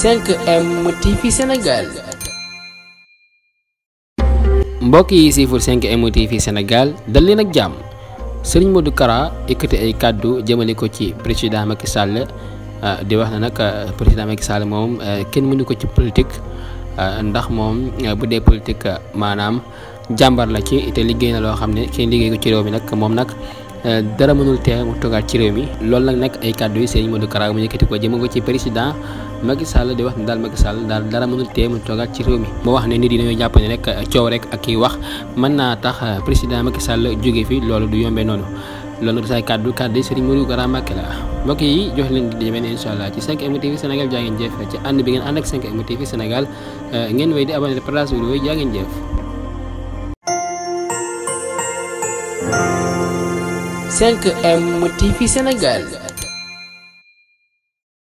5M TV Sénégal. mbokk yi siiful 5M TV Sénégal dal leen ak jàmm sëriñ Modou Kara yëkkati ay kàddu jëmale ko ci président Macky Sall ah, di wax na nag ah, président Macky Sall moom ah, kenn mënu ko ci politique ndax moom bu dee politique maanaam jàmbar la ci te liggéey na loo xam ne kenn liggéey ko ci réew mi nag moom nag. dara mënul tee mu toogaat ci réew mi loolu nag nekk ay kaddu yi Serigne Modou Kara mu yëkkati ko jëme ko ci président Macky Sall di wax ne daal Macky Sall daal dara mënul tee mu toogaat ci réew mi moo wax ne nit yi dañoo jàpp ne rek coow rek ak kiy wax mën naa tax président Macky Sall jóge fi loolu du yombee noonu loolu say kàddu kàddu yi Serigne Modou Kara Mbacké la mbokk yi jox leen di demee incha allah ci 5M TV Sénégal jaa ngeen jëf ci ànd bi ngeen ànd ak 5M TV Sénégal ngeen wéy di 5M TV Sénégal